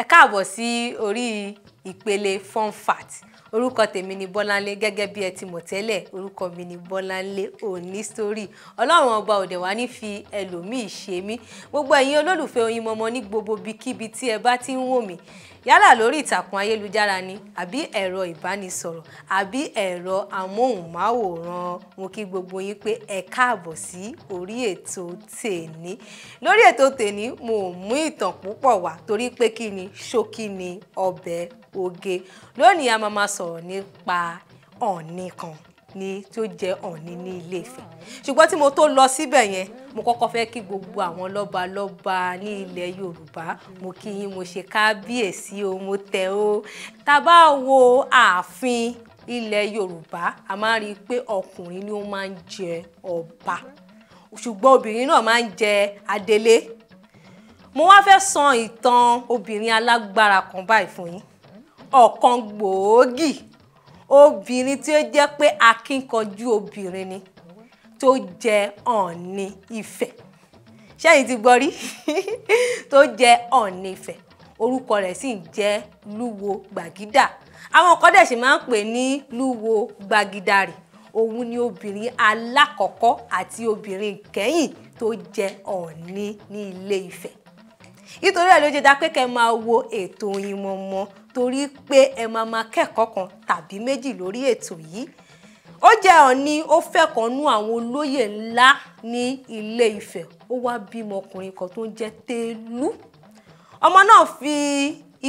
ẹ káàbọ̀ sí orí ìpele fun fat orúkọ tèmi ni bọ́láńlé gẹ́gẹ́ bí ẹ ti mọ̀ tẹ́lẹ̀ orúkọ mi ni bọ́láńlé òní sórí ọlọ́run ọba òdẹ̀ wá ní fi ẹlòmíì ṣe mí gbogbo ẹ̀yin olólùfẹ́ Oyin Mọ́mọ́ ní gbogbo bikíbi tí ẹ bá ti ń wò mí yálà lórí ìtàkùn ayélujára ni àbí ẹ̀rọ ìbánisọ̀rọ̀ àbí ẹ̀rọ amóhùnmáwòrán mo kí gbogbo yín pé ẹ káàbọ̀ sí orí ètò tèní lórí ètò tèní mo mú ìtàn púpọ̀ wá torí pé kí ni ṣókí ni ọbẹ̀ oge lónìí a máa ma sọ̀rọ̀ nípa ọ̀nì kan Ni tí ó jẹ́ ọ̀ọ́ni ní ilé Ifẹ̀ ṣùgbọ́n tí mo tó lọ síbẹ̀ yẹn mo kọ́kọ́ fẹ́ kí gbogbo àwọn lọ́ba lọ́ba ní ilẹ̀ Yorùbá mo kí yín mo ṣe kábíyèsí o mo tẹ̀ o tá bá wo ààfin ilẹ̀ Yorùbá a máa rí i pé ọkùnrin ni ó máa ń jẹ ọba ṣùgbọ́n obìnrin náà máa ń jẹ adelé mo wá fẹ́ sọ ìtàn obìnrin alágbára kan báyìí fún yín ọ̀kan gbòógì obìnrin tí ó jẹ́ pé akínkanjú obìnrin ni tó jẹ ọ̀ọ̀ni ìfẹ́ ṣẹ́yìn ti gbọ́ rí tó jẹ ọ̀ọ̀ni ìfẹ́ orúkọ rẹ̀ sì ń jẹ́ lúwo gbàgídà àwọn kan dẹ̀ sì máa ń pè ní lúwo gbagidarì òun ni obìnrin alákọ̀ọ́kọ́ àti obìnrin kẹ́yìn tó jẹ ọ̀ọ̀ni ní ilé Ifẹ̀ nítorí ẹ̀ ló jẹ́ dáa pé kẹ́ máa wo ètò Oyinmomo torí pé ẹ máa máa kẹ́kọ̀ọ́ kan tàbí méjì lórí ètò yìí ó jẹ́ ọ̀ni ó fẹ́ kan nú àwọn olóyè ńlá ní Ilé Ifẹ̀ ó wá bímọ ọkùnrin kan tó ń jẹ́ Télú ọmọ náà fi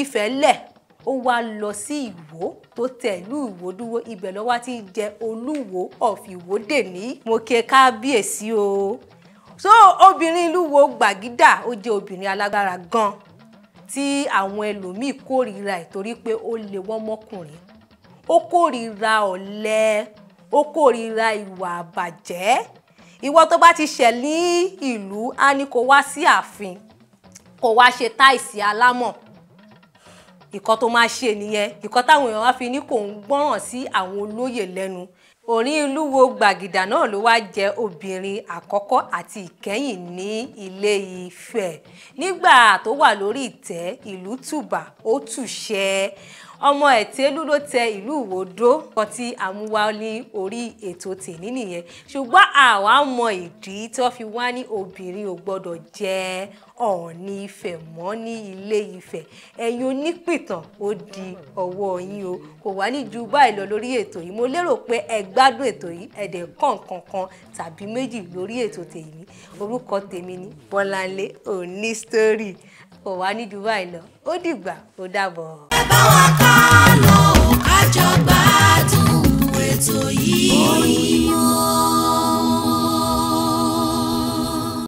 Ifẹ̀ lẹ̀ ó wá lọ sí Ìwó tó tẹ̀lú Ìwó dúró ibẹ̀ ló wá ti jẹ Olúwo of Ìwó dè ní mo kí kábíyèsí o so obìnrin ìlú wo gbàgídà ó jẹ́ obìnrin alágbára gan tí àwọn ẹlòmíì kórìíra ẹ̀ torí pé ó lè wọ́n mọ́kùnrin ó kórìíra ọ̀lẹ ó kórìíra ìwà àbàjẹ́ ìwọ tó bá ti ṣẹ̀ ní ìlú á ní kó wá sí ààfin kó wá ṣe táìsì alámọ̀ ìkọ́ tó máa ṣe nìyẹn ìkọ́ táwọn èèyàn wá fi ní kò ń gbọ́ràn sí àwọn olóyè lẹ́nu orin ìlú wo gbàgìdà náà ló wáá jẹ obìnrin àkọ́kọ́ àti ìkẹyìn ní ilé Ifẹ̀ nígbà tó wà lórí ìtẹ́ ìlú tùbà ó tùṣẹ́ ọmọ ẹ̀tẹ́lú ló tẹ ìlú ìwòdó kan tí àmúwá ní orí ètò tèmi nìyẹn ṣùgbọ́n àwa mọ ìdí tí wọ́n fi wá ní obìnrin ò gbọ́dọ̀ jẹ́ ọ̀ọ̀ni Ifẹ̀ mọ́ ní ilé Ifẹ̀ ẹ̀yin onípìtàn ó di ọwọ́ yín o kò wá ní ju báyìí lọ lórí ètò yìí mo lérò pé ẹ gbádùn ètò yìí ẹ̀dẹ̀ kọ̀ọ̀kan kan tàbí méjì lórí ètò tèmi orúkọ tèmi ni Bọ́láńlé Onísítórì kò wá ní ju báyìí lọ ó dìgbà ó dàbọ̀ bá wa ká lọ ká jọ gbádùn.